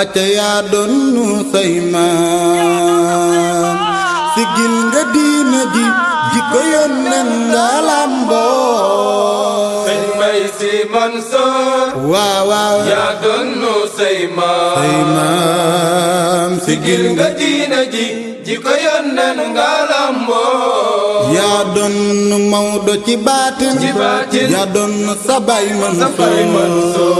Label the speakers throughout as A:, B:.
A: acca yaa doon nu say maam siggil nga diina jikko yónneen nga làmboo sëñ Mbay Si Mansoor waaw yaa doon nu say maam siggil nga diina jiko yónneen nga lamboo. yaa doon Maodo ci baatin. ci baatin yaa doon Sabay Mansour.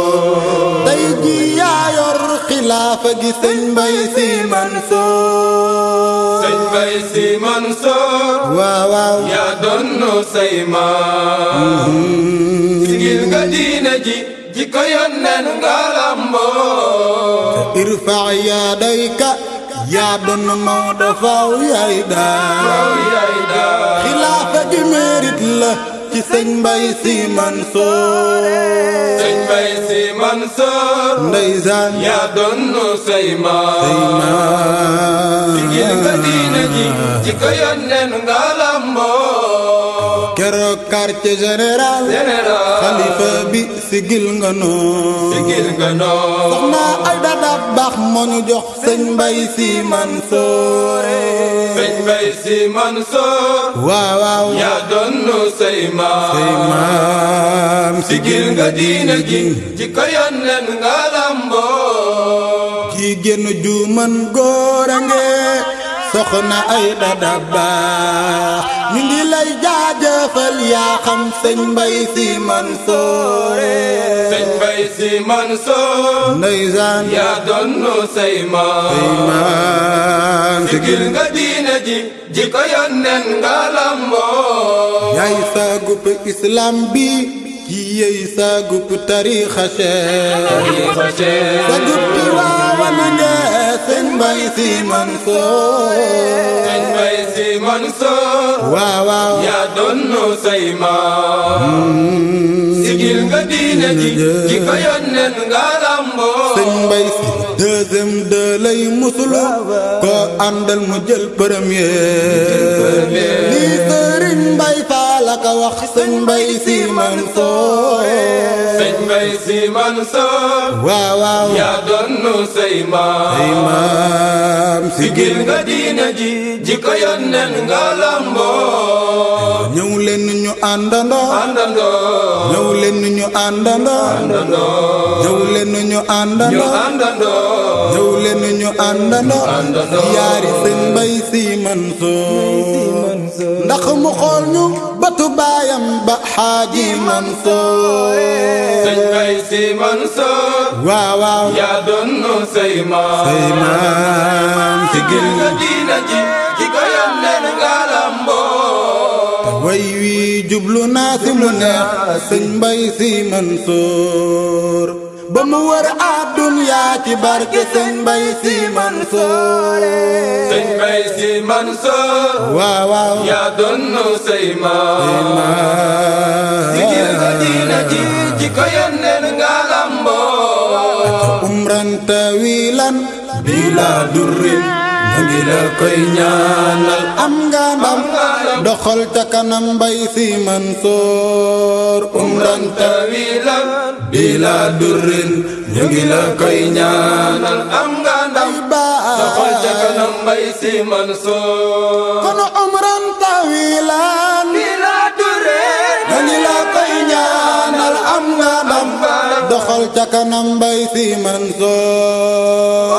A: tey ji yaa yor xilaafa gi sëñ Mbay Si Mansour. sëñ Mbay Si Mansour. waaw waaw yaa doon say maam. Mm-hmm. sigil nga diine ji jiko yónneen nga lamboo. irfa yaa day ka. yaa doon Maodo faaw yaay daal xilaafa gi mérite la ci sëñ Mbay Si Mansoor sëñ Mbay Si Mansoor ndeysaan yaa doon ci gil nga diine ji ci ko yónneen nga keroog quartier général. général xalifa bi sigil nga noo. sigil nga noo. soxna ay dada baax moo jox. sëñ mbay si man soore. sëñ mbay si soor. waaw yaa doon nu say maam. say maam. sigil nga diine gi. ci ko yónneen nga lamboo. ci génn ju man góor ngee. soxna ay dada baax. ñu ngi lay jaajëfal yaa xam sëñ Mbay Si Mansoor sëñ Mbay Si Mansoor ndeysaan yaa donnu say maam sigil nga diine ji ji ko yónneen nga lamboo yaay saagub islam bi ki yey saagub tariixa Cheikh saagub ti waawana nga sëñ Mbay Si Mansoor Mansour waaw yaa doonoo say mm-hmm. sigil nga ki ko yónneen nga lamboo Si deuxième de musulu ko àndal mu premier lii sëriñ Mbay Faal la ko wax sëñ Si Mansour say si Mansoor waaw waaw yaa doon nu say maam sigil nga diina ji ji ko yónneen nga lamboo ñëw leen ñu àndandoo àndandoo ñëw leen ñu àndandoo àndandoo ñëw leen ñu àndandoo àndandoo ñëw leen ñu àndandoo àndandoo yaari seen mbay si Mansoor ndax mu xool ñu baayam ba Bay Si Mansoor waaw yaa doon say maam say maam sigil diina ji ji ko yónneen nga lamboo way jublu naa mu neex sëñ Bay Si Mansoor ba mu wër ab duniyaa ci barke sëñ Mbay Si Mansoor sëñ Mbay Si Mansoor waaw yaa donnu say maam sigil ko diina ji ci ko yónneen nga umran tawilan bila durrin ngi la koy ñaanal am nga doxal ca kanam mbay si Mansoor umran tawilan bila durrin ñu ngi la koy ñaanal am nga ndam doxal ca kanam mbay si Mansoor kono umran tawilan bila durrin ñu ngi la koy ñaanal am nga ndam doxal ca kanam mbay si Mansoor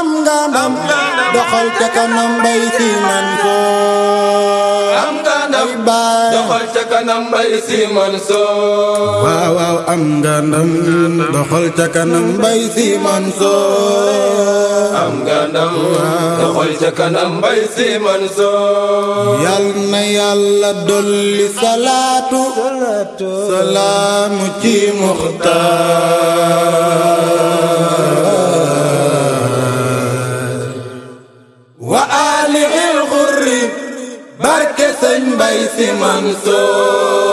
A: am nga ndam doxal ca kanam bay si man soo am nga ndam doxal ca kanam bay si man soo waaw waaw am nga ndam doxal ca kanam bay si man soo am nga ndam doxal ca kanam bay si man soo yal na yàlla dolli salaatu salaamu ci muxtaar wa alixil xurri barke sëñ Mbay Si Mansoor